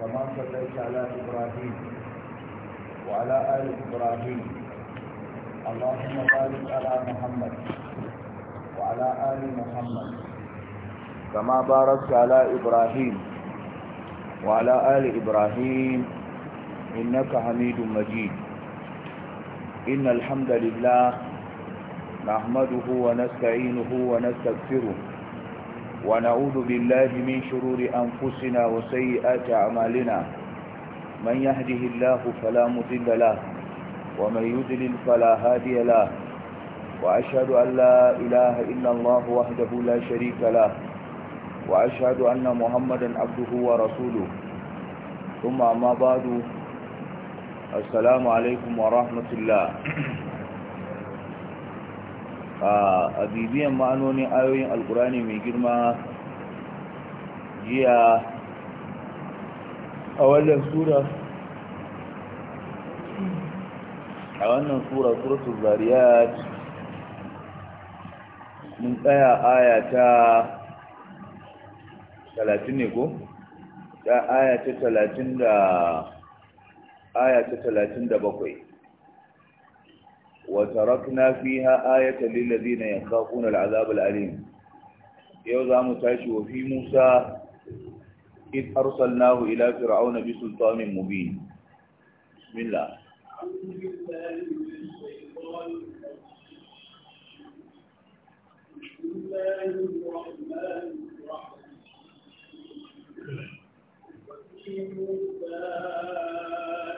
كما صليت على إبراهيم وعلى آل إبراهيم اللهم بارك على محمد وعلى آل محمد كما باركت على إبراهيم وعلى آل إبراهيم إنك حميد مجيد إن الحمد لله نحمده ونستعينه ونستغفره ونعوذ بالله من شرور أنفسنا وسيئات أعمالنا من يهده الله فلا مضل له ومن يضلل فلا هادي له وأشهد أن لا إله إلا الله وحده لا شريك له وأشهد أن محمدا عبده ورسوله ثم أما بعد السلام عليكم ورحمة الله a bibiyan ma'anonin ayoyin alkurani mai girma jiya a wannan sura a wannan sura suratul zariyat mun tsaya aya ta 30 ne ko ta aya ta 30 da aya ta 37 وتركنا فيها آية للذين يخافون العذاب الأليم يوزع متاش وفي موسى إذ أرسلناه إلى فرعون بسلطان مبين بسم الله الرحمن الرحيم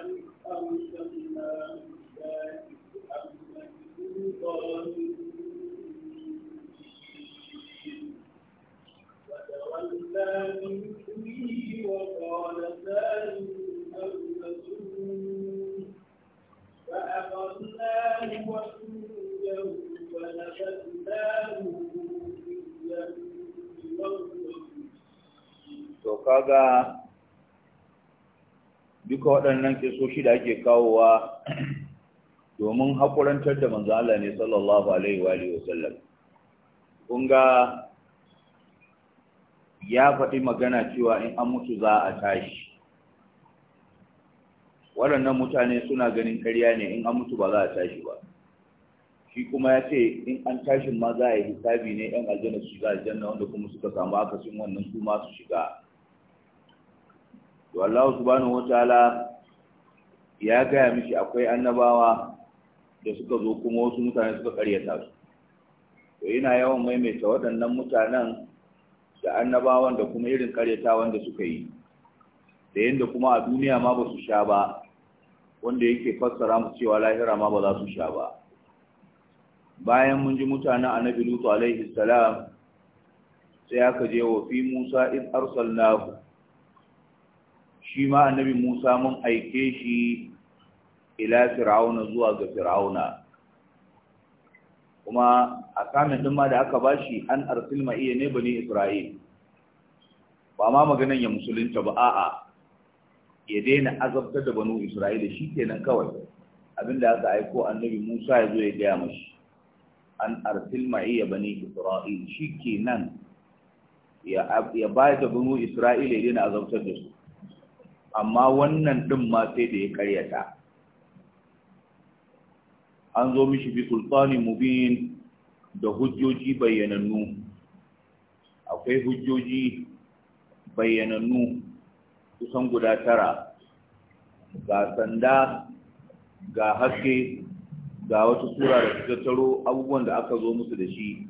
kaga duka waɗannan kisoshi da ake kawowa domin haƙurantar da manzo Allah ne sallallahu alaihi wa alihi wasallam kun ga ya faɗi magana cewa in an mutu za a tashi waɗannan mutane suna ganin ƙarya ne in an mutu ba za a tashi ba shi kuma ya ce in an tashin ma za a yi hisabi ne yan aljanna su shiga aljanna wanda kuma suka samu akasin wannan su ma su shiga to Allah subhanahu ta'ala ya gaya mishi akwai annabawa da suka zo kuma wasu mutane suka karyata su to yana yawan maimaita waɗannan mutanen da annabawan da kuma irin karyatawan da suka yi da yadda kuma a duniya ma ba su sha ba wanda yake fassara mu cewa lahira ma ba za su sha ba bayan mun ji mutanen annabi lutu alaihi salam sai aka je wa fi musa in arsalnahu shi ma annabi musa mun aike shi ila fir'auna zuwa ga fir'auna kuma a din ma da aka bashi an arsil iya ne bani isra'il ba ma maganan ya musulunta ba a'a ya daina azabtar da banu isra'ila shikenan kawai abinda aka aiko annabi Musa ya zo ya gaya mashi an arsil iya bani isra'il shikenan ya ya bayar da banu isra'ila ya daina azabtar da su amma wannan din ma sai da ya karyata an zo mishi bi sultani mubin da hujjoji bayyanannu akwai hujjoji bayyanannu kusan guda tara ga sanda ga haske ga wata sura da suka taro abubuwan da aka zo musu da shi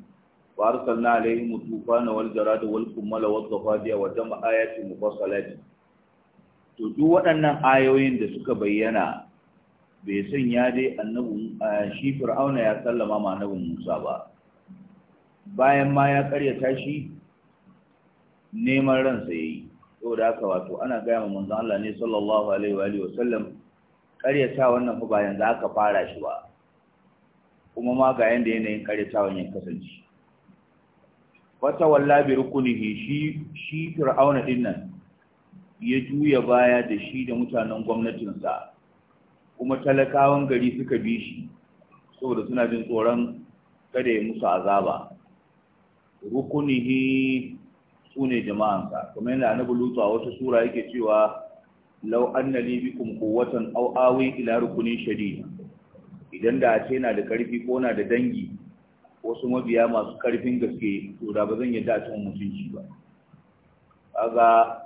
wa arsalna alaihim tufana wal jarada wal kumala wal zafadiya wa jama'ati to duk waɗannan ayoyin da suka bayyana bai sanya dai annabin shi fir'auna ya sallama ma annabin Musa ba bayan ma ya karyata shi neman ransa yayi da aka wato ana gaya ma manzon Allah ne sallallahu alaihi wa alihi karyata wannan fa bayan za aka fara shi ba kuma ma ga yanda yanayin karyatawan ya kasance wata walla bi rukunihi shi shi fir'auna dinnan ya juya baya da shi da mutanen gwamnatinsa kuma talakawan gari suka bi shi saboda suna jin tsoron kada ya musu azaba rukunihi su ne jama'ansa kuma yana annabi lutu a wata sura yake cewa law anna li bikum quwwatan aw awi ila rukunin shadid idan da ce na da karfi ko na da dangi wasu mabiya masu karfin gaske to da ba zan yadda da cikin mutunci ba kaga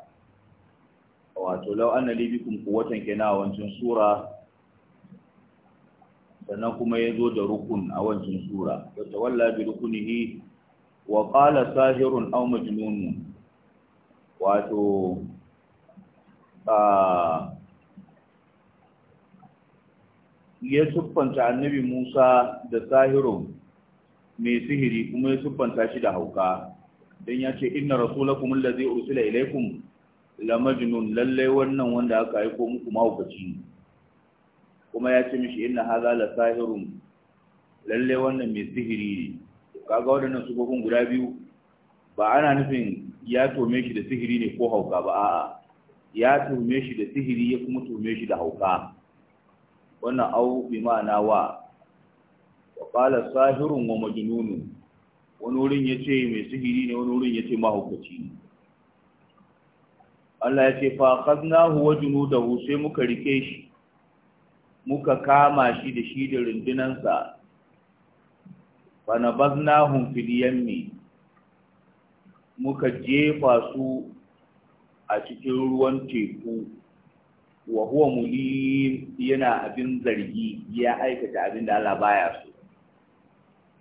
wato law anna li bikum quwwatan kana wancan sura sannan kuma ya zo da rukun a wancan sura wa tawalla bi rukunihi wa qala sahirun aw majnun wato ya siffanta annabi Musa da sahirun mai sihiri kuma ya siffanta shi da hauka Dan ya ce inna rasulakum allazi ursila ilaykum la majnun lalle wannan wanda aka aiko muku mahaukaci ne kuma ya ce mishi inna haza la sahirun lalle wannan mai sihiri ne kaga waɗannan sufofin guda biyu ba ana nufin ya tome shi da sihiri ne ko hauka ba a'a ya tome shi da sihiri ya kuma tome shi da hauka wannan au bi ma'ana wa wa qala sahirun wa majnun wani wurin ya ce mai sihiri ne wani wurin ya ce mahaukaci ne Allah ya ce fa khadnahu wa junudahu sai muka rike shi muka kama shi da shi da rundunansa fanabaznahum fil yammi muka jefa su a cikin ruwan teku wa huwa mulim yana abin zargi ya aikata abin da Allah baya so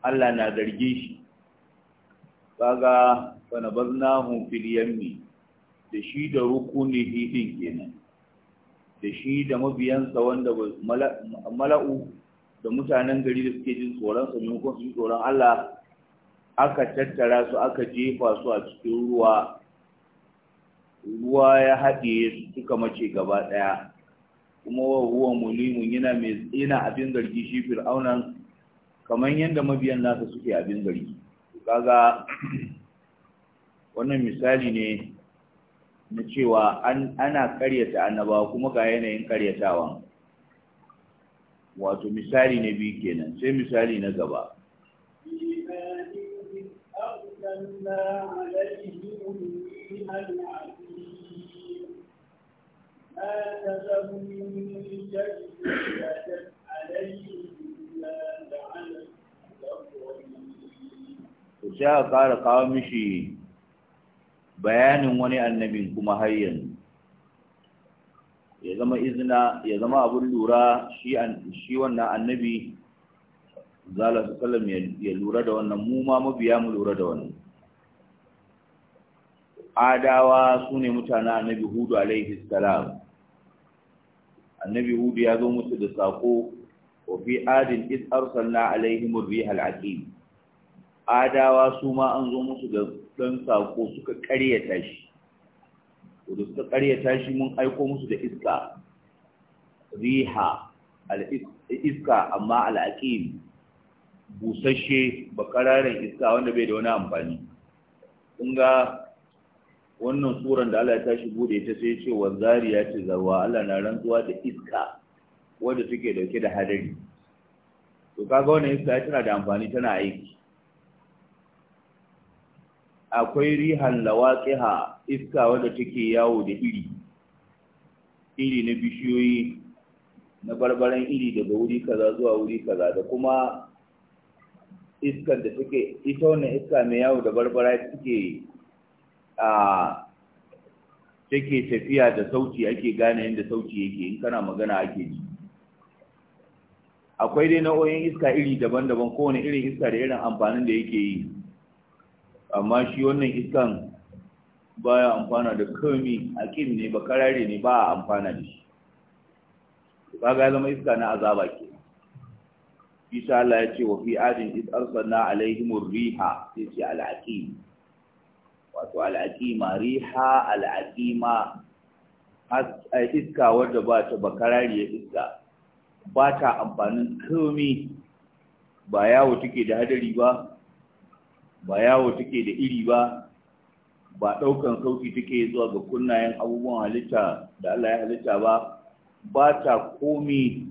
Allah na zarge shi kaga fanabaznahum fil yammi da shi da rukunihi din kenan da shi da mabiyansa wanda mala'u da mutanen gari da suke jin tsoron sa maimakon su tsoron Allah aka tattara su aka jefa su a cikin ruwa ruwa ya haɗe suka mace gaba ɗaya kuma wa ruwa mulimun yana mai yana abin zargi shi fir'aunan kamar yadda mabiyan nasa suke abin zargi kaga wannan misali ne na cewa ana karyata annabawa kuma ga yanayin ƙaryatawa wato misali na biyu kenan sai misali na gaba Ku sha ƙara kawo mishi bayanin wani annabi kuma har yanzu ya zama izina ya zama abin lura shi wannan annabi zala su kallon ya lura da wannan mu ma mabiya mu lura da wannan adawa su ne mutane annabi hudu alaihi salam annabi hudu ya zo musu da sako wa fi adin iz arsalna alaihim ar-riha adawa su ma an zo musu da ɗan saƙo suka ƙaryata shi da suka ƙaryata shi mun aiko musu da iska riha iska amma al'aƙin, busasshe bakararen iska wanda bai da wani amfani kun ga wannan suran da Allah ya tashi bude ta sai ce wa zariya ce zarwa Allah na rantsuwa da iska wanda take dauke da hadari to kaga wannan iska tana da amfani tana aiki akwai rihan lawaqiha iska wadda take yawo da iri iri na bishiyoyi na barbaran iri daga wuri kaza zuwa wuri kaza da kuma iskar da take ita wannan iska mai yawo da barbara take a take tafiya da sauti ake gane inda sauti yake in kana magana ake ji akwai dai nau'o'in iska iri daban-daban kowane irin iska da irin amfanin da yake yi amma shi wannan iskan baya amfana da komi akin ne ba karare ne ba a amfana da shi kaga ga zama iska na azaba ke isa Allah ya ce wa fi adin iz arsalna alaihim riha sai ce al'aqim wato al-aqim riha al'aqima iska wanda ba ta bakarariya iska ba ta amfanin komi ba yawo take da hadari ba ba yawo take da iri ba ba ɗaukan sauki take zuwa ga kunnayen abubuwan halitta da Allah ya halitta ba ba ta komi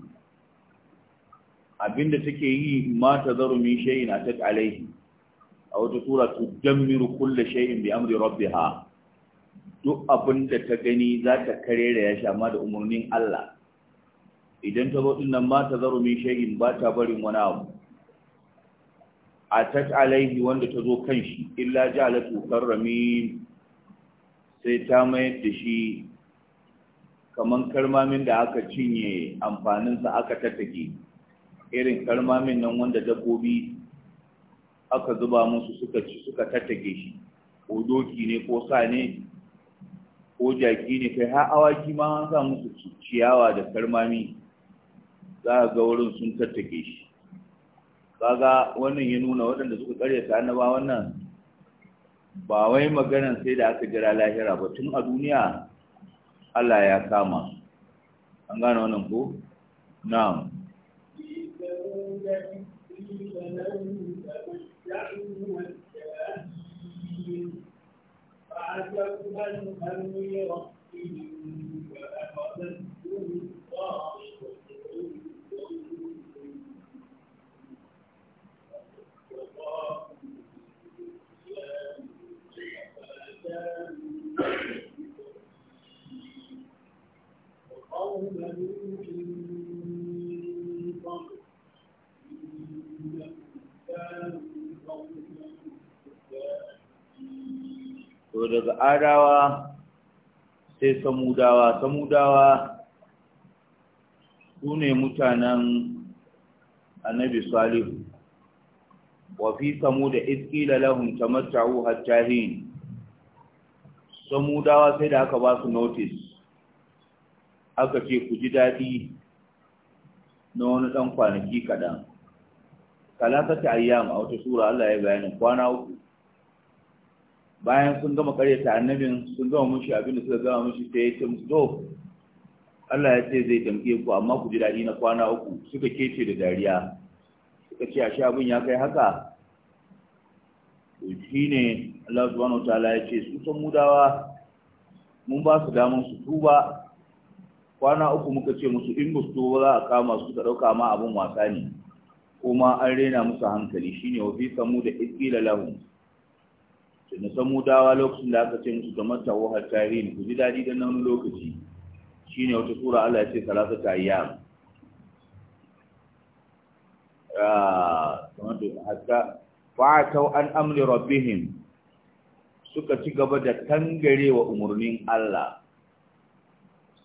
abinda take yi ma ta zaru min shay'in atat alaihi a wata sura tudammiru kulla shay'in bi amri rabbiha duk abinda ta gani za ta da ya sha ma da umarnin Allah idan ta zo din nan ma ta zaru min shay'in ba ta barin wani abu atat alaihi wanda ta zo kan shi illa ja'alatu karrami sai ta mayar da shi Kamar karmamin da aka cinye amfaninsa aka tattake irin karmamin nan wanda dabbobi aka zuba musu suka ci suka tattake shi ko doki ne ko sa ne ko jaki ne kai har awaki ma an sa musu ciyawa da karmami za a ga wurin sun tattake shi kaga wannan ya nuna waɗanda suka na ba wannan ba wai maganan sai da aka jira lahira ba tun a duniya Allah ya kama an gane wannan ko na'am فعتوا عن daga adawa sai samudawa samudawa sune mutanen annabi salihu wa fi samuda iskila lahum tamatta'u hatta hin samudawa sai da aka ba su notice aka ce ku ji daɗi na wani ɗan kwanaki kaɗan kalatata ayyam a wata sura Allah ya bayani kwana uku bayan sun gama karyata annabin sun gama mushi abinda suka gama mushi sai yi ta musu Allah ya ce zai tamke ku amma ku ji daɗi na kwana uku suka kece da dariya suka ce sha abin ya kai haka shi ne, Allah subhanahu wataala ya ce su san mudawa mun ba su damar su tuba kwana uku muka ce musu in ba su tuba za a kama su ka ɗauka ma abin wasa ne kuma an rena musu hankali shine wa fi samu da iskila lahum da na samu dawa lokacin da aka ce musu kamar tawo har tarihi ku ji daɗi da nan lokaci shi ne wata sura Allah ya ce salatu ta ayyam ah, kamar da hatta fa'atau an amri rabbihim suka ci gaba da tangarewa umarnin Allah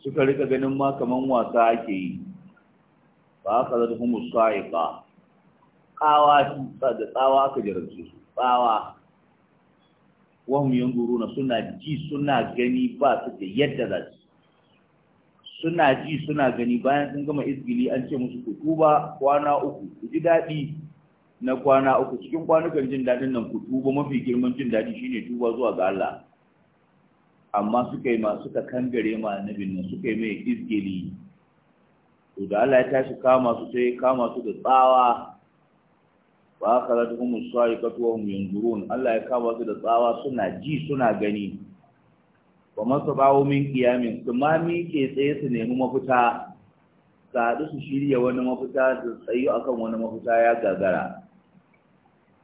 suka rika ganin ma kaman wasa ake yi ba ka zata kuma sa'iƙa tsawa da tsawa aka jarabce su tsawa wahum yanzuruna suna ji suna gani ba su da yadda za su suna ji suna gani bayan sun gama izgili an ce musu ku tuba kwana uku ku ji daɗi na kwana uku cikin kwanukan jin daɗin nan ku tuba mafi girman jin daɗi shine tuba zuwa ga Allah amma suka yi ma suka kangare ma annabin nan suka yi mai izgili to da Allah ya tashi kama su sai kama su da tsawa wa akharat-hum as-sa'iqatu wa hum yanzurun Allah ya kama su da tsawa suna ji suna gani wa masabahu min qiyamin kuma mi ke tsaye su nemi mafita sadu su shirya wani mafita su tsayu akan wani mafita ya gagara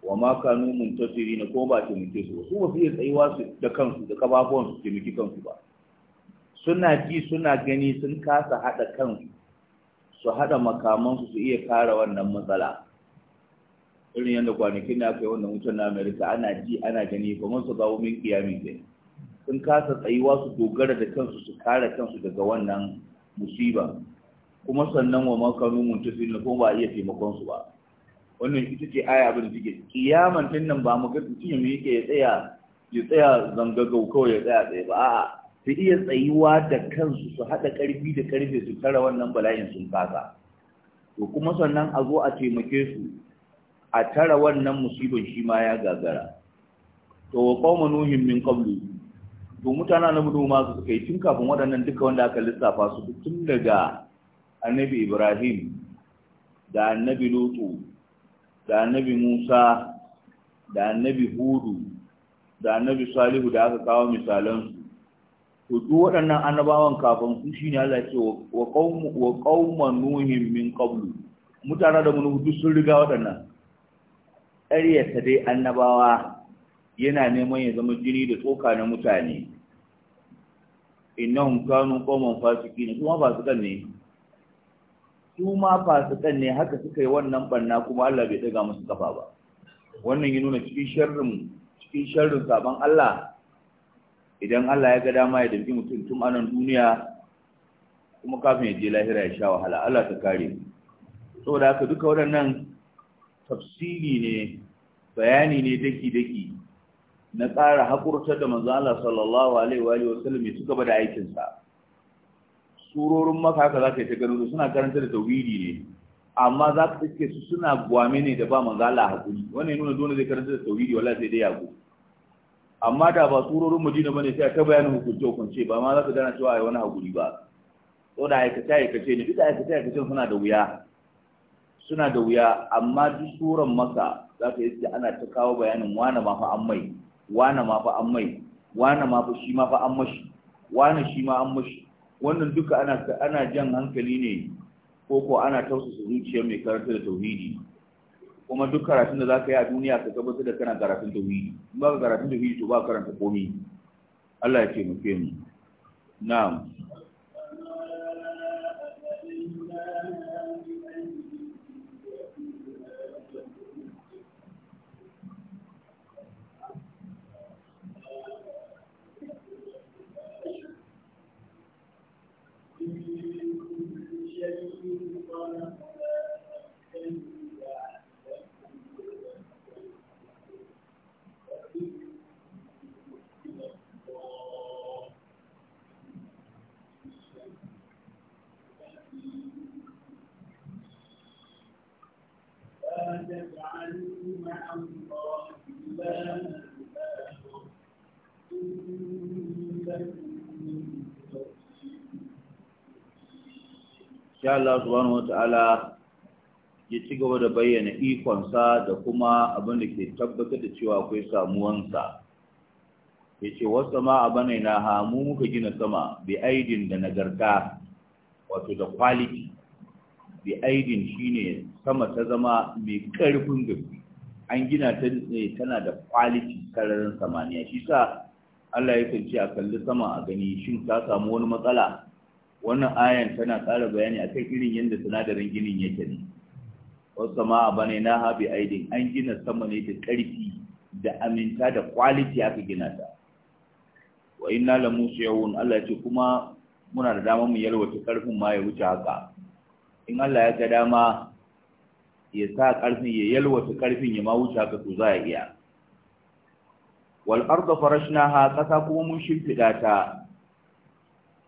wa ma kanu muntasirina ko ba taimake su su ba su iya tsayuwa su da kansu da kafafuwan su miki kansu ba suna ji suna gani sun kasa hada kansu su hada makamansu su iya kare wannan matsala irin yadda kwanakin da aka yi wannan wutar na amerika ana ji ana gani kamar su zawo min kiyami ne sun kasa tsayuwa su dogara da kansu su kare kansu daga wannan musiba kuma sannan wa makamin muntafin na kuma ba a iya taimakon su ba wannan ita ce aya abin da kiyaman tun nan ba mu ga mutum yake ya tsaya ya tsaya zangagau kawai ya tsaya tsaye ba a'a su iya tsayuwa da kansu su haɗa ƙarfi da ƙarfe su tara wannan bala'in sun kasa to kuma sannan a zo a taimake su a tara wannan musibin shi ma ya gagara to wa qauma nuhin min qablu to mutana na mudu ma suka yi tun kafin waɗannan duka wanda aka lissafa su tun daga annabi Ibrahim da annabi Lutu da annabi Musa da annabi Hudu da annabi Salihu da aka kawo su to duk waɗannan annabawan kafin su shine Allah ce wa qaumu wa qauman nuhin min qablu mutana da mun sun riga waɗannan ƙaryata dai annabawa yana neman ya zama jini da tsoka na mutane Inna innahum kanu fasiki ne, kuma fasikan ne su ma ne haka suka yi wannan banna kuma Allah bai daga musu kafa ba wannan ya nuna cikin sharrin cikin sharrin saban Allah idan Allah ya ga dama ya dabi mutum tun anan duniya kuma kafin ya je lahira ya sha wahala Allah ta kare saboda haka duka waɗannan tafsiri ne bayani ne daki-daki na ƙara haƙurtar da manzala sallallahu alaihi wa sallam ya ci gaba da aikinsa surorin maka haka za ka yi ta gano suna karanta da tauhidi ne amma za ka iske su suna gwame ne da ba manzala haƙuri wannan ya nuna dole zai karanta da tauhidi wala sai dai yago amma da ba surorin madina bane sai ta bayanin hukunce hukunce ba ma za ka gana cewa ai wani haƙuri ba saboda aikace aikace ne duk aikace aikacen suna da wuya suna da wuya amma duk suran maka za ka yi ana ta kawo bayanin wane ma fa an mai wane ma fa an mai wane ma fa shi ma fa an mashi wane shi ma an mashi wannan duka ana ana jan hankali ne ko ko ana tausasa zuciya mai karatu da tauhidi kuma duk karatun da za ka yi a duniya ka tabbatar da kana karatun tauhidi in ba ka karatun tauhidi to ba karanta komi Allah ya taimake mu na'am شيء قال sai Allah subhanahu wata'ala ya ci gaba da bayyana ikonsa da kuma abin da ke tabbatar da cewa akwai samuwansa ya ce wasu ma a bane na hamu muka gina sama bi aidin da nagarta wato da quality bi aidin shine sama ta zama mai karfin gaske an gina ta ne tana da quality sararin samaniya shi sa Allah ya kance a kalli sama a gani shin ta samu wani matsala wannan ayan tana ƙara bayani akan irin yadda sinadarin ginin yake ne wasu ma a bane na habi aidin an gina sama ne da ƙarfi da aminta da kwaliti aka gina ta wa inna la musiyawun Allah ce kuma muna da dama mu yalwata ƙarfin ma ya wuce haka in Allah ya ga dama ya sa ƙarfin ya yalwata ƙarfin ya ma wuce haka to za a iya wal arda farashnaha kasa kuma mun shimfiɗa ta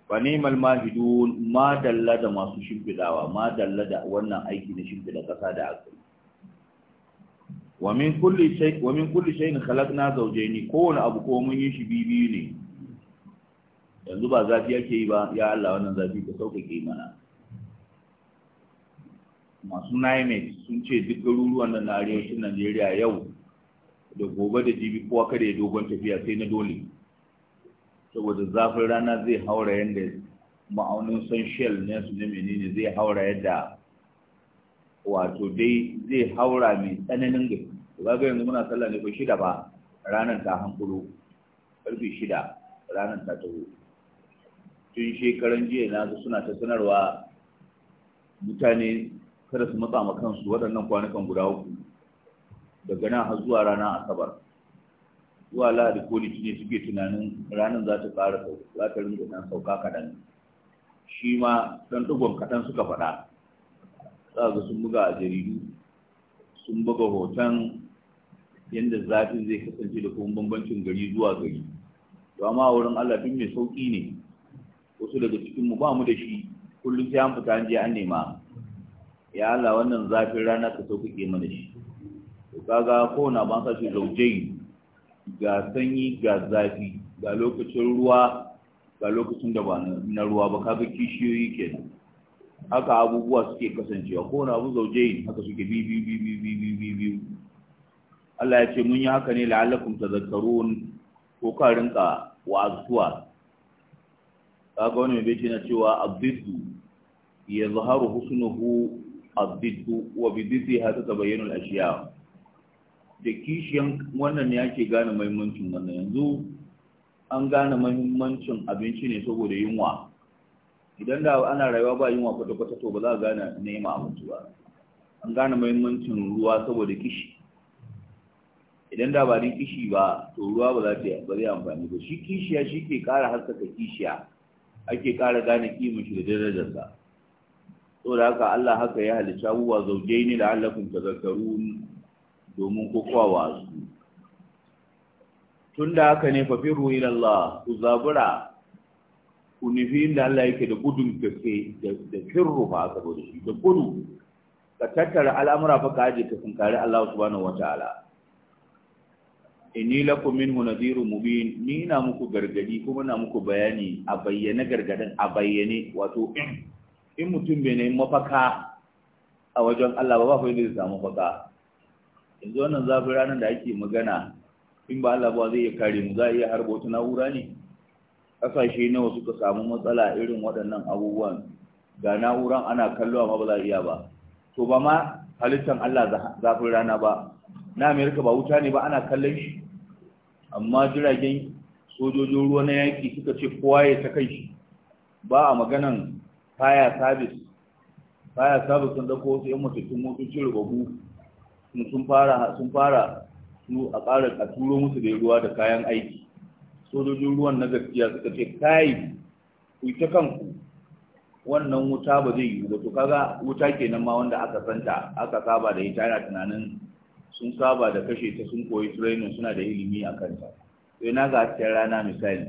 Fanimal nimal mahidun ma dalla da masu shimfidawa ma dalla da wannan aiki na shimfida kasa da aka wa min kulli shay wa min kulli shay'in khalaqna zawjayn kowane abu ko mun yi shi bibi ne yanzu ba zafi yake yi ba ya Allah wannan zafi ka sauƙaƙe mana masu naimet sun ce duk garuruwan nan na arewacin Najeriya yau da gobe da jibi kowa kada ya dogon tafiya sai na dole saboda zafin rana zai haura yadda ma'aunin shell ne su ne menene zai haura yadda wato dai zai haura mai tsananin gari. ba ga yanzu muna sallah ne ko shida ba ranar ta hankulo karfe shida ranar ta taho tun shekaran jiya na suna ta sanarwa mutane kada su matsa ma kansu waɗannan kwanukan guda uku daga nan har zuwa ranar asabar zuwa lahadi ko Litini suke tunanin ranar za ta ƙara za ta rinka ɗan sauka kaɗan shi ma ɗan ɗigon kaɗan suka faɗa za ga sun buga a jaridu sun buga hoton yadda zafin zai kasance da kuma bambancin gari zuwa gari to amma wurin Allah duk mai sauƙi ne wasu daga cikinmu ba mu da shi kullum sai an fita an je an nema ya Allah wannan zafin rana ka sauƙaƙe mana shi to kaga kowane ban ce zaujai ga sanyi ga zafi ga lokacin ruwa ga lokacin da ba na ruwa ba kaga kishiyoyi kenan haka abubuwa suke kasancewa ko wani abu zauje haka suke bi bi bi bi bi bi bi Allah ya ce mun yi haka ne la'allakum tadhakkarun ko ka rinka wa'azuwa kaga wani bai ce na cewa abdidu yazharu husnuhu abdidu wa bididhi hatta tabayyana al-ashiya da kishiyan wannan ne ake gane mahimmancin wannan yanzu an gane mahimmancin abinci ne saboda yunwa idan da ana rayuwa ba yunwa kwata-kwata to ba za a gane nema abinci ba an gane mahimmancin ruwa saboda kishi idan da ba ni kishi ba to ruwa ba za ta yi zai amfani ba shi kishiya shi ke ƙara haskaka kishiya ake ƙara gane kimin shi da darajarsa saboda haka Allah haka ya halicci abubuwa zaujai ne da Allah kun tazakkarun domin kokowa su tun da haka ne fafiru Allah ku zabura ku nufi inda Allah yake da gudun gaske da firru ba aka da shi da gudu ka tattara al'amura fa ka aje ka tunkari Allah subhanahu wataala inni lakum minhu nadhirun mubin ni na muku gargadi kuma na muku bayani a bayyane gargadin a bayyane wato in mutum bai na yi mafaka a wajen Allah ba ba fa yadda zai samu mafaka yanzu wannan zafin ranar da ake magana in ba Allah ba zai iya kare mu za a iya harba wata na'ura ne ƙasashe nawa suka samu matsala irin waɗannan abubuwan ga na'uran ana kallo amma ba za a iya ba to ba ma halittar Allah zafin rana ba na Amerika ba wuta ne ba ana kallon shi amma jiragen sojojin ruwa na yaƙi suka ce kowa ya ta kai shi ba a maganan kaya sabis kaya sabis sun dauko wasu 'yan matattun motocin rubabu sun fara su a ƙara a turo musu da ruwa da kayan aiki sojojin ruwan na gaskiya suka ce kai ku ta kanku wannan wuta ba zai yi ba to kaga wuta kenan ma wanda aka santa aka saba da ita yana tunanin sun saba da kashe ta sun koyi training suna da ilimi a kanta sai na ga cikin rana misali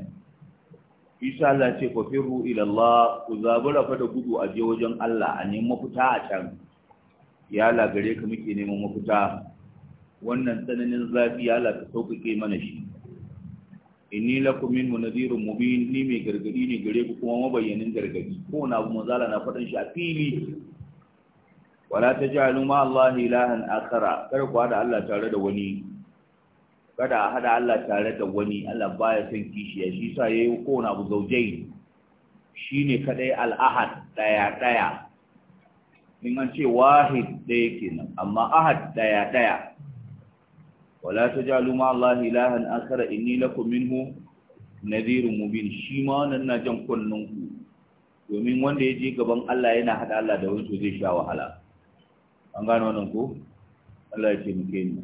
isa Allah ce fa firru ila Allah ku zabura fa da gudu a je wajen Allah a nemi mafita a can ya lagare ka muke neman mafita wannan tsananin zafi ya ka sauƙaƙe mana shi inni lakum min mu mubin ni mai gargadi ne gare ku kuma mabayyanin gargadi ko na abu mazala na faɗin shi a fili wala taj'alu ma Allah ilahan akara kar ku hada Allah tare da wani kada a hada Allah tare da wani Allah baya son kishiya shi sa ko na abu zaujai shine kadai al ɗaya-ɗaya. daya in an ce wahid ɗaya nan, amma ahad ɗaya ɗaya wala tajalu ma Allah ilahan akara inni lakum minhu nadhirun mubin shi ma wannan na jan kunnun ku domin wanda ya je gaban Allah yana hada Allah da wato zai sha wahala an gano wannan ku, Allah ya ce muke ni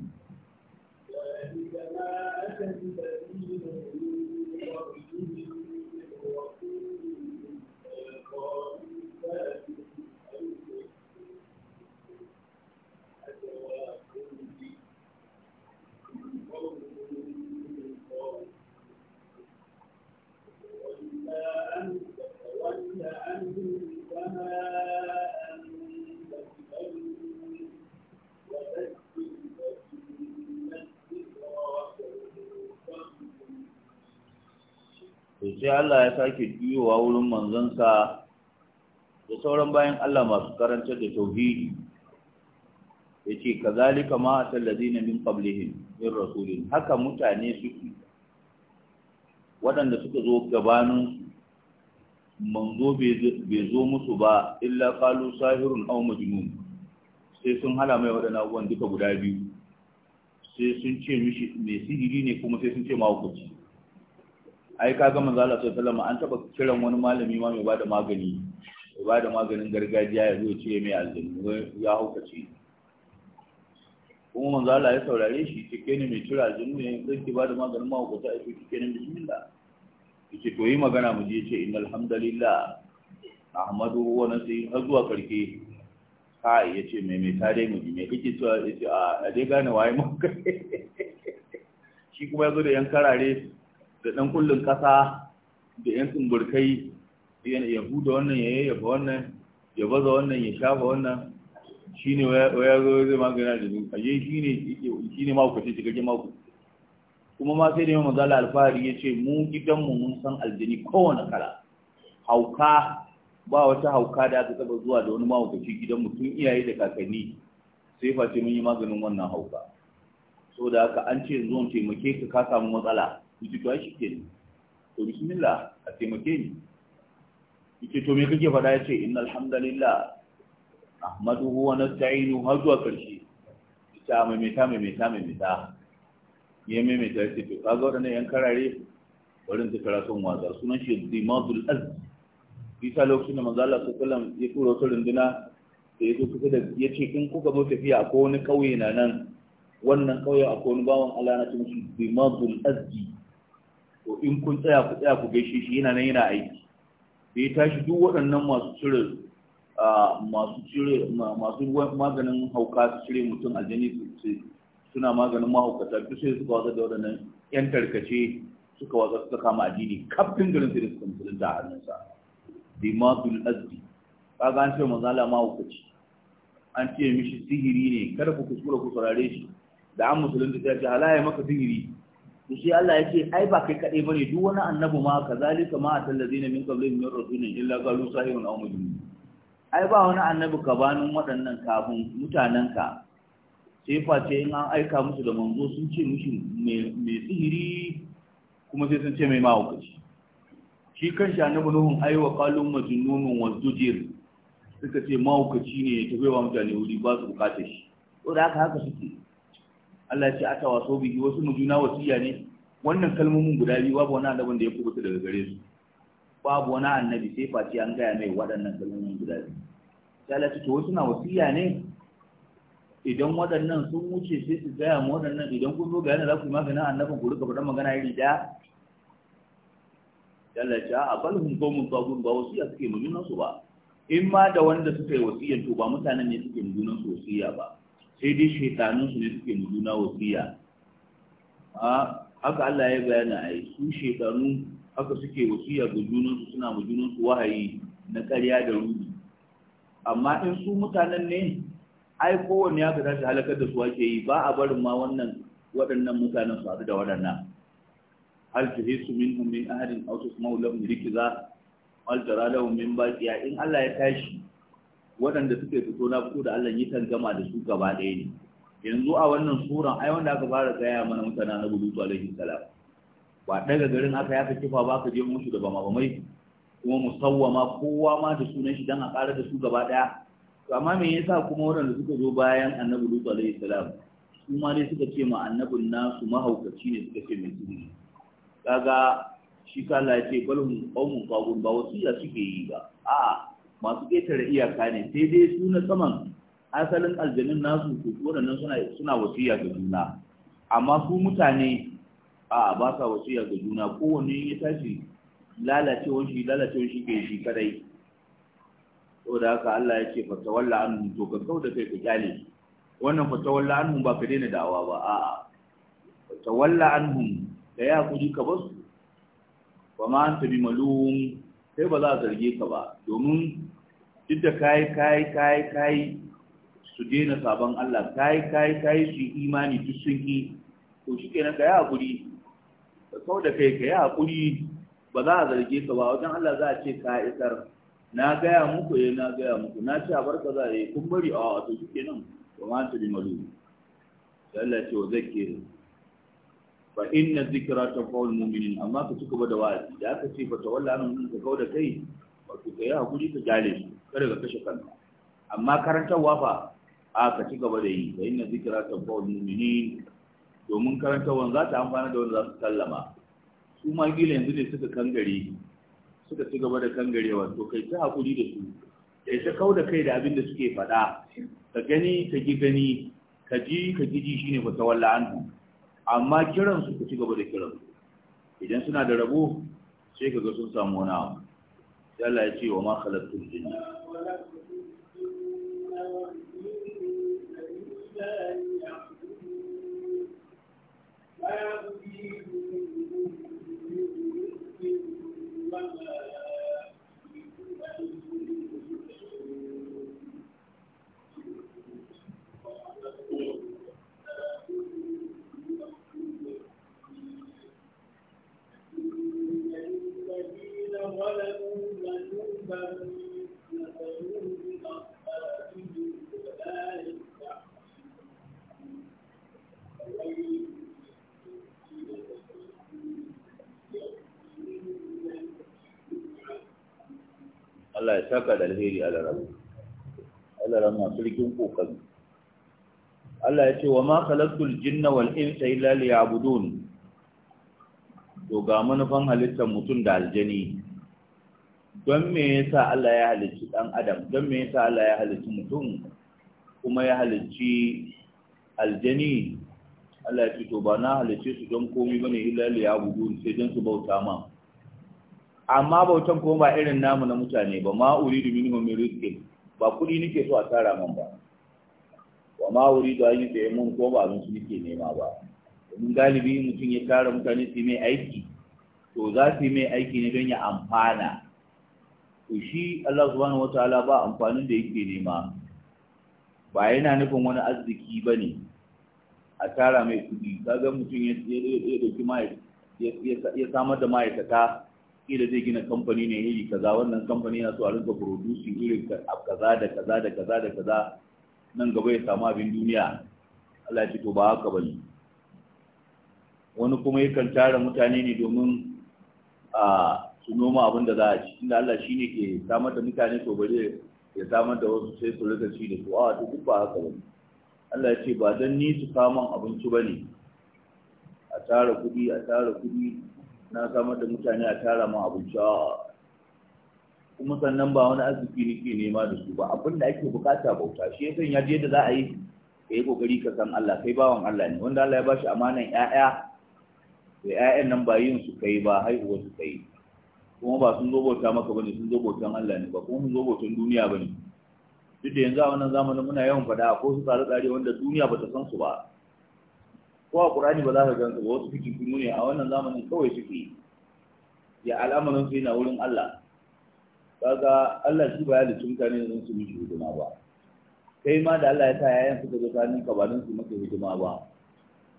sai Allah ya sake juyowa wurin manzansa da sauran bayan Allah masu karantar da tauhidi ya ce ka zalika ma a na min qablihim min rasulun haka mutane suke waɗanda suka zo gabanin manzo bai zo musu ba illa kalu sahirun au majnun sai sun hala mai waɗanda abubuwan duka guda biyu sai sun ce mai sihiri ne kuma sai sun ce ma ai ga manzo Allah sallallahu alaihi wasallam an taba kiran wani malami ma mai bada magani mai bada maganin gargajiya ya zo ce mai aljanu ya haukace kuma manzo Allah ya saurare shi cike ne mai tura aljanu ne zai ki bada maganin ta a cikin kenan bismillah yace to yi magana mu je ce innal hamdalillah ahmadu wa nasi har zuwa karke ya yace mai mai tare mu me kike cewa yace ah, a dai gane waye mu shi kuma ya zo da yan karare da ɗan kullun ƙasa da ‘yan tsumburkai ya huda wannan ya yayyafa wannan ya baza wannan ya shafa wannan shi ne ya zo zai magana da su a yin shi ne makwacin cikakken mako kuma ma sai da yawan mazala alfahari ya ce mu gidanmu mun san aljini kowane kala hauka ba wata hauka da aka taba zuwa da wani mawukaci gidanmu tun iyaye da kakanni sai face mun yi maganin wannan hauka so da haka an ce zuwan taimake ka ka samu matsala yace to shi ke to bismillah a taimake ni yace to me kake faɗa yace innal hamdalillah ahmaduhu wa nasta'inu har zuwa karshe ta maimaita maimaita maimaita ya maimaita ce to ga wadannan yan karare warin su kara son wasa sunan shi dimadul az Bisa lokacin da manzo Allah sallallahu alaihi wasallam ya tura wata runduna da ya zo kusa da ya ce in kuka zo tafiya akwai wani ƙauye na nan wannan ƙauye akwai wani bawan Allah na ce mishi dimadul azji to in kun tsaya ku tsaya ku gaishe shi yana nan yana aiki da ya tashi duk waɗannan masu cire masu cire masu maganin hauka su cire mutum aljani suna maganin mahaukata duk sai suka wasa da waɗannan yan tarkace suka wasa suka kama addini kafin garin sai da suka musulunta ma hannunsa dimatul ka ga an ce manzo Allah mahaukaci an ce mishi sihiri ne kada ku kuskura ku saurare shi da an musulunta ta ce halaye maka sihiri to shi Allah yake ai ba kai kadai bane duk wani annabi ma kazalika ma atallazina min qablihim min rasulin illa qalu sahihun aw majnun ai ba wani annabi ka banin waɗannan kafin mutanenka sai face in an aika musu da manzo sun ce mushi mai sihiri kuma sai sun ce mai mahaukaci shi kan shi annabi nuhun ai wa qalum majnunun zujir suka ce mahaukaci ne ya tafi wa mutane wuri ba su bukatar shi to da haka haka suke Allah ya ce aka waso biki wasu mu juna wasiya ne wannan kalmomin guda biyu babu wani annabin da ya kubuta daga gare su babu wani annabi sai face an gaya mai waɗannan kalmomin guda biyu sai Allah ya ce wasu na wasiya ne idan waɗannan sun wuce sai su gaya mu waɗannan idan kun zo ga yana za ku yi maganin annabin ku rika faɗan magana iri ɗaya Allah ya ce a balhum qawmun tagun ba wasiya suke mu junan su ba in ma da wanda suka yi wasiyan to ba mutanen ne suke mu junan su wasiya ba sai dai shaitanun su ne suke muduna wasiya a haka Allah ya bayana a su shaitanu haka suke wasiya ga junansu suna ma junansu wahayi na ƙarya da rubi amma in su mutanen ne ai kowanne ya tashi halakar da su ake yi ba a barin ma wannan waɗannan mutanen su haɗu da waɗannan hal ta minhum min ahadin autos maulam rikiza rikza wal min baqiya in Allah ya tashi waɗanda suka fito na fito da Allah yi tangama da su gaba ɗaya ne yanzu a wannan suran ai wanda aka fara gaya mana mutana na bulutu alaihi salam ba daga garin aka yaka kifa ba ka je musu da bama bamai kuma musawwama kowa ma da sunan shi dan a ƙara da su gaba ɗaya to amma me yasa kuma waɗanda suka zo bayan annabi lutu alaihi salam su ma dai suka ce ma annabin nasu mahaukaci ne suka ce mai tsiri kaga shi kala ya ce balhum qaumun ba wasiya suke yi ba a'a masu ƙetare iyaka ne sai dai su na saman asalin aljanin nasu su waɗannan suna suna wasiya ga juna amma su mutane a ba sa wasiya ga juna kowanne ya tashi lalacewar shi lalacewar shi ke shi kadai da haka Allah ya ce fatawalla an to ka kauda kai ka kyale wannan fatawalla an ba ka daina da'awa ba a'a fatawalla anhum da ya kuji ka basu wa ma anta bi malum kai ba za a zarge ka ba domin duk da kayi kayi kayi kayi su daina sabon Allah kayi kayi kayi su yi imani duk sun ki to shi kenan ka yi haƙuri ka kau da kai ka yi haƙuri ba za a zarge ka ba wajen Allah za a ce ka isar na gaya muku ya, eh, na gaya muku na ce a barka za a yi kun bari a wato shi kenan ba ma ta bi malu Allah ce wa fa inna zikra taqawul mu'minin amma ka ci gaba da wa'azi da aka ce fa tawalla an ka kauda kai wato kai hakuri ka jale su, kada ka kashe kanka amma karantarwa fa a ka ci gaba da yi fa inna zikra taqawul mu'minin domin karantarwa za ta amfana da wanda za su sallama su ma gila yanzu ne suka kangare suka ci gaba da kangarewa to kai ta hakuri da su kai ita kauda kai da abin da suke faɗa ka gani ka ji gani ka ji ka ji ji shine fa tawalla anhu amma kiransu ku ci gaba da kiransu idan suna da rabo sai kaga sun samu na Allah ya ce wa ma khalaqtul jinna alheri a larabu alaran masu rikin kokari Allah ya ce wa ma khalaqtul jinna wal insa illa liya'budun to ga manufan halittar mutum da aljani don me yasa Allah ya halicci dan adam don me yasa Allah ya halicci mutum kuma ya halicci aljani Allah ya ce to ba na halicce su don komai bane illa liya'budun sai don su bauta ma amma bautan kuma ba irin namu na mutane ba ma uridu minhum min rizqin ba kudi nake so a tsara man ba wa ma uridu an yi mun ko ba abinci nake nema ba mun galibi mutum ya tara mutane su mai aiki to za su yi mai aiki ne don ya amfana to shi Allah subhanahu wataala ba amfanin da yake nema ba yana nufin wani arziki ba ne a tara mai kudi kaga mutum ya ya ya samar da ma'aikata kila zai gina kamfani ne iri kaza wannan kamfani na so a rinka producing irin kaza da kaza da kaza da kaza nan gaba ya samu abin duniya Allah ya ce to ba haka bane wani kuma yakan tara mutane ne domin a su noma abin da za a ci inda Allah shine ke samar da mutane to bare ya samar da wasu sai su rika ci da su a to duk ba haka bane Allah ya ce ba dan ni su kaman abinci bane a tara kudi a tara kudi na samar da mutane a tara mu abinci kuma sannan ba wani arziki nake nema da su ba abin da ake bukata bauta shi ya san yaje yadda za a yi ka yi kokari ka san Allah kai bawan Allah ne wanda Allah ya bashi amanan ƴaƴa to ƴaƴan nan ba yin su kai ba haihuwar su kai kuma ba sun zo bauta maka bane sun zo bautan Allah ne ba kuma sun zo bautan duniya bane duk da yanzu a wannan zamanin muna yawan faɗa ko su tsare tsare wanda duniya ba ta san su ba ko a ƙurani ba za ka gansu ba wasu fikin fimu ne a wannan zamanin kawai suke ya al'amarin su yana wurin Allah kaga Allah shi ba ya litun ka ne zan su mishi hidima ba kai ma da Allah ya sa yayan suka zo kanin ka ba don su maka hidima ba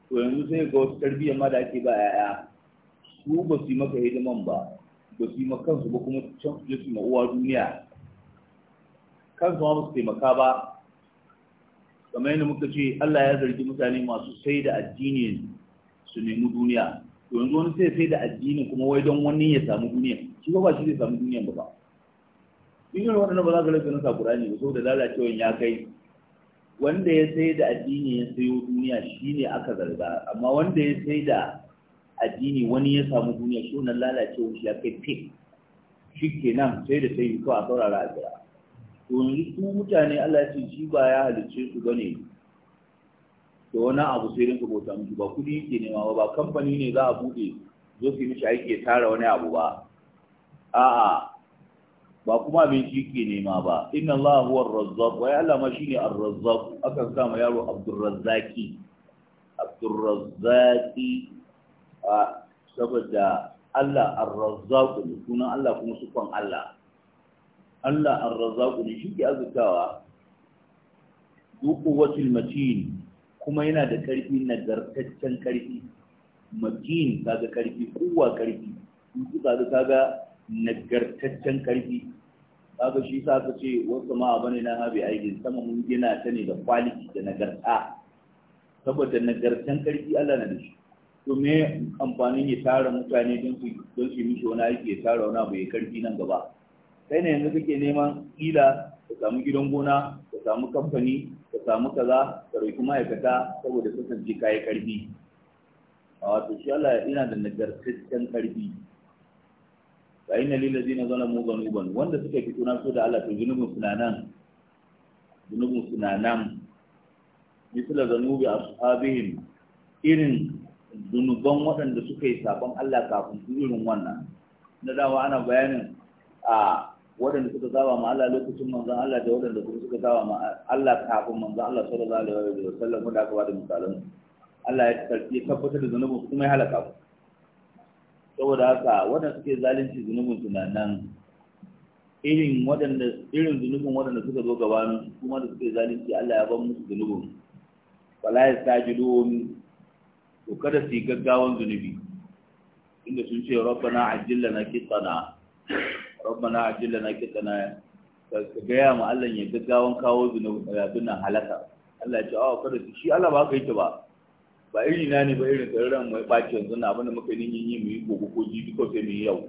to yanzu sai ga wasu tarbiyyar ma da ake ba yaya su ba su yi maka hidiman ba ba su yi ma kansu ba kuma can su je su ma uwa duniya kansu ma ba su taimaka ba kamar yadda muka ce Allah ya zargi mutane masu sai da addini su nemi duniya to yanzu wani sai sai da addini kuma wai don wani ya samu duniya shi ba shi zai samu duniya ba ba irin waɗannan ba za ka rasa nasa ne ba saboda lalacewa ya kai wanda ya sai da addini ya sayo duniya shine aka zarga amma wanda ya sai da addini wani ya samu duniya shi wannan lalacewa shi ya kai fit shi kenan sai da sai ko a saurara a jira to yanzu su mutane Allah ya ce shi ba ya halicce su ba ne. da wani abu sai rinka bauta musu ba kudi yake nema ba Ba kamfani ne za a buɗe zo su mishi aiki ya tara wani abu ba a'a ba kuma abin shi ke nema ba inna Allah huwa ar-razzaq wa ya Allah ma shine ar-razzaq akan sa ma yaro Abdurrazzaqi Abdurrazzaqi a saboda Allah ar-razzaq sunan Allah kuma sufan Allah Allah ar-razzaqu ne shi ke azurtawa duk quwwatil matin kuma yana da karfi nagartaccen karfi matin kaga ƙarfi, kowa ƙarfi duk kaga kaga nagartaccen karfi kaga shi sa ka ce wasu ma bane na habi aikin sama mun gina ta ne da quality da nagarta saboda nagartaccen ƙarfi Allah na da shi to me amfanin ya tara mutane don su yi mishi wani aiki ya tara wani abu ya karfi nan gaba kai ne yanzu kake neman ila ka samu gidan gona ka samu kamfani ka samu kaza ka roki ma'aikata saboda kasance kayi karfi a wato shi Allah yana da nagartaccen karfi fa inna lil ladina zalamu dhunuban wanda suka fito na so da Allah to zunubin suna nan zunubin suna nan misla zanubi ashabihim irin zunuban waɗanda suka yi sabon Allah kafin su irin wannan na dawa ana bayanin a waɗanda suka zaba ma Allah lokacin manzon Allah da waɗanda kuma suka zaba ma Allah kafin manzon Allah sallallahu alaihi wa sallam da aka bada misalan Allah ya tabbatar da zunubin kuma ya halaka ku saboda haka waɗanda suke zalunci zunubin su nan irin waɗanda irin zunubin waɗanda suka zo gabanin kuma da suke zalunci Allah ya ban musu zunubin wala yastajilun to kada su yi gaggawan zunubi inda sun ce rabbana ajil lana kitana rabbana ajillana kitana ka gaya ma Allah ya gaggawan kawo zunubin eh, halaka Allah ya ce awa kada su shi Allah ba ka yi ta ba ba iri na ne ba irin tsararren mai ɓaci yanzu na abinda muka yi yin yi mu yi ko jibi ko sai mu yi yau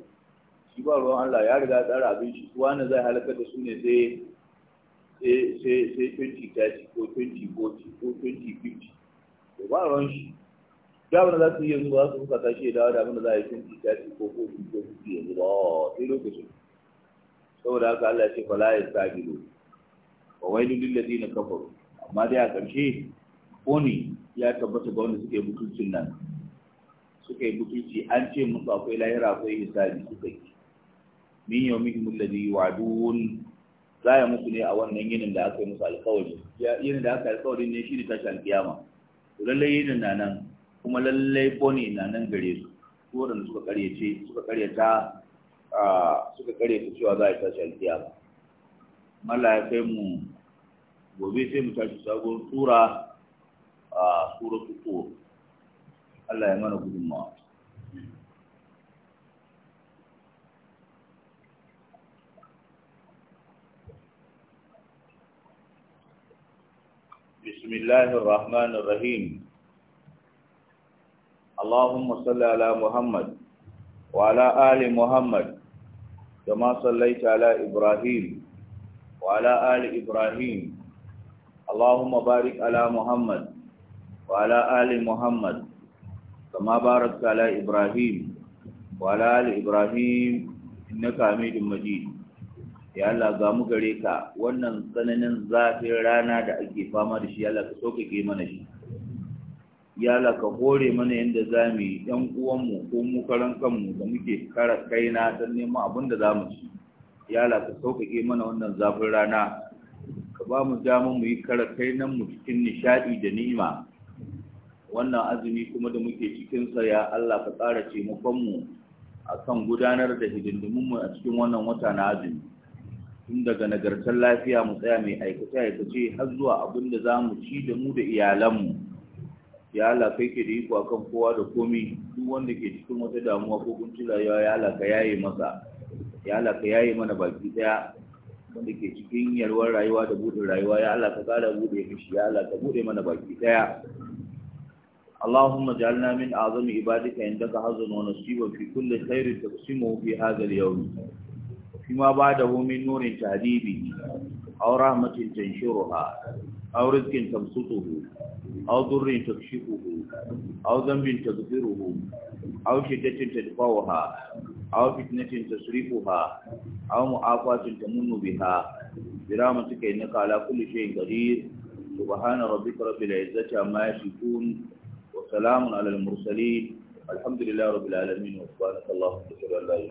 shi ba ruwan Allah ya riga tsara abin shi su wani zai halakar da su ne sai sai sai 2030 ko 2040 ko 2050 to ba ruwan shi da abin da za su yi yanzu ba su fuka tashi da dawo da abin da za a yi 2030 ko 40 yanzu ba sai lokacin saboda haka Allah ce fala ya sabilu wa wailu lil ladina kafaru amma dai a ƙarshe oni ya tabbata ga wanda suke mutuncin nan suka yi mutunci an ce musu akwai lahira akwai hisabi suka yi min yawmihim alladhi yu'adun za ya mutu ne a wannan yinin da aka yi musu alkawari yinin da aka alkawari ne shi ne tashi alƙiyama to lallai yinin na nan kuma lallai boni na nan gare su waɗanda suka karyace suka karyata suka kare su cewa za a yi tashi alkiyama mala ya kai mu gobe sai mu tashi sabon tura a tura tuko Allah ya mana gudunmawa بسم الله الرحمن الرحيم اللهم صل على محمد وعلى آل محمد كما صليت على إبراهيم وعلى آل إبراهيم اللهم بارك على محمد وعلى آل محمد كما باركت على إبراهيم وعلى آل إبراهيم إنك حميد مجيد ya Allah ga mu gare ka wannan tsananin zafin rana da ake fama da shi Allah ka sauƙaƙe mana shi ya ka hore mana yadda za mu yi ɗan uwanmu ko mu karan kanmu da muke kara kaina don neman abin da za mu ci ya ka sauƙaƙe mana wannan zafin rana ka ba mu dama mu yi kara kainan mu cikin nishaɗi da ni'ima wannan azumi kuma da muke sa ya Allah ka tsara taimakon a akan gudanar da mu a cikin wannan wata na azumi tun daga nagartar lafiya mu tsaya mai aikace-aikace har zuwa abin da za mu ci da mu da iyalan mu. ya kai ke da iko akan kowa da komai, duk wanda ke cikin wata damuwa ko kuntula ya halaka ka yi masa ya halaka ya yi mana baki daya wanda ke cikin yalwar rayuwa da buɗe rayuwa ya ka kara buɗe mishi ya ka buɗe mana baki daya Allahumma ja'alna min azami ibadika indaka hazan wa nasiba fi kulli khairin taqsimuhu fi hadha al-yawm fima ba'da hu min nurin tahdibi aw rahmatin tanshuruha aw rizqin tabsutuhu أو ضر تكشفه أو ذنب تغفره أو شدة تدفعها أو فتنة تصرفها أو معافاة تمن بها برامتك إنك على كل شيء قدير سبحان ربك رب العزة عما يشركون وسلام على المرسلين الحمد لله رب العالمين وسبحانك اللهم وبحمدك لا